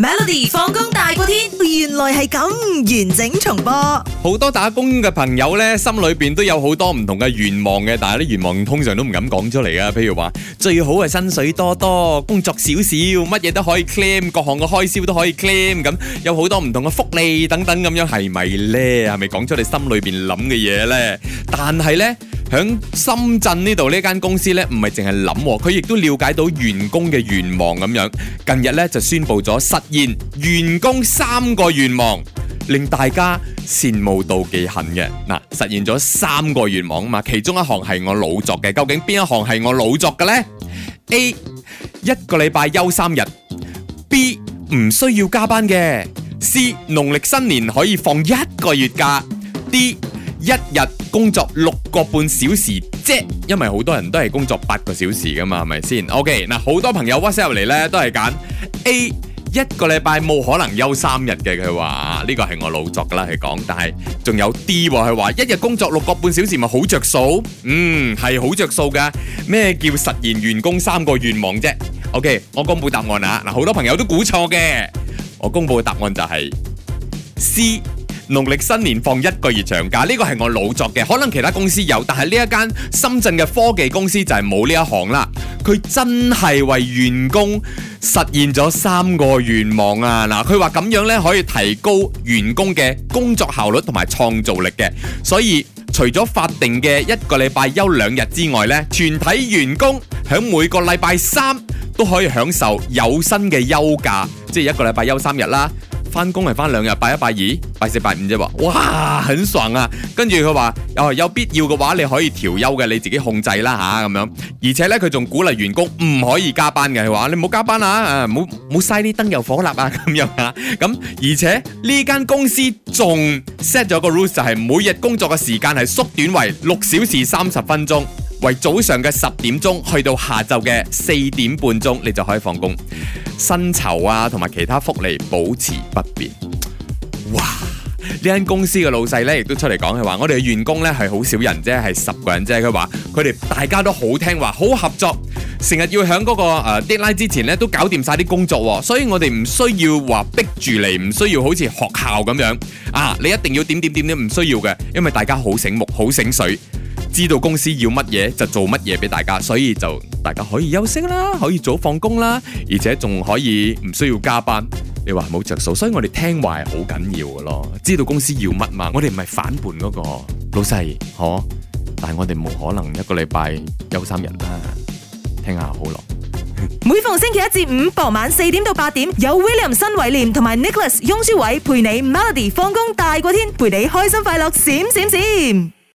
Melody 放工大過天，原來係咁，完整重播。好多打工嘅朋友呢，心裏邊都有好多唔同嘅願望嘅，但係啲願望通常都唔敢講出嚟啊。譬如話最好係薪水多多，工作少少，乜嘢都可以 claim，各項嘅開銷都可以 claim，咁有好多唔同嘅福利等等咁樣，係咪呢？係咪講出你心裏邊諗嘅嘢呢？但係呢，喺深圳呢度呢間公司呢，唔係淨係諗，佢亦都了解到員工嘅願望咁樣。近日呢，就宣布咗實現員工三個願望，令大家羨慕妒忌恨嘅。嗱，實現咗三個願望啊嘛，其中一項係我老作嘅，究竟邊一項係我老作嘅呢？A，一個禮拜休三日；B，唔需要加班嘅；C，農曆新年可以放一個月假；D，一日。工作六個半小時啫，因為好多人都係工作八個小時噶嘛，係咪先？OK，嗱，好多朋友 WhatsApp 入嚟呢，都係揀 A, A，一個禮拜冇可能休三日嘅，佢話呢個係我老作噶啦，佢講，但係仲有 D，佢話一日工作六個半小時咪好着數，嗯，係好着數噶。咩叫實現員工三個願望啫？OK，我公布答案啊！嗱，好多朋友都估錯嘅，我公布嘅答案就係 C。農曆新年放一個月長假，呢個係我老作嘅，可能其他公司有，但係呢一間深圳嘅科技公司就係冇呢一行啦。佢真係為員工實現咗三個願望啊！嗱，佢話咁樣呢可以提高員工嘅工作效率同埋創造力嘅，所以除咗法定嘅一個禮拜休兩日之外，呢全體員工響每個禮拜三都可以享受有薪嘅休假，即係一個禮拜休三日啦。翻工係翻兩日，拜一拜二、欸、拜四拜五啫喎，哇，很爽啊！跟住佢話有有必要嘅話，你可以調休嘅，你自己控制啦吓咁樣。而且咧，佢仲鼓勵員工唔可以加班嘅，佢話你唔好加班啦，啊，啊，唔好唔好嘥啲燈油火蠟啊咁樣吓。咁而且呢間公司仲 set 咗個 rules 就係每日工作嘅時間係縮短為六小時三十分鐘，為早上嘅十點鐘去到下晝嘅四點半鐘，你就可以放工，薪酬啊同埋其他福利保持不變。哇！呢間公司嘅老細呢，亦都出嚟講佢話，我哋嘅員工呢，係好少人，即係十個人啫。佢話佢哋大家都好聽話，好合作，成日要響嗰個誒 deadline 之前呢，都搞掂晒啲工作，所以我哋唔需要話逼住你，唔需要好似學校咁樣啊！你一定要點點點點，唔需要嘅，因爲大家好醒目，好醒水。知道公司要乜嘢就做乜嘢，俾大家，所以就大家可以休息啦，可以早放工啦，而且仲可以唔需要加班。你話係冇着數，所以我哋聽話係好緊要嘅咯。知道公司要乜嘛，我哋唔係反叛嗰個老細，嗬，但係我哋冇可能一個禮拜休三日啦。聽下好咯。每逢星期一至五傍晚四點到八點，有 William 新威廉、同埋 Nicholas 雍書偉陪你 Melody 放工大過天，陪你開心快樂閃閃閃。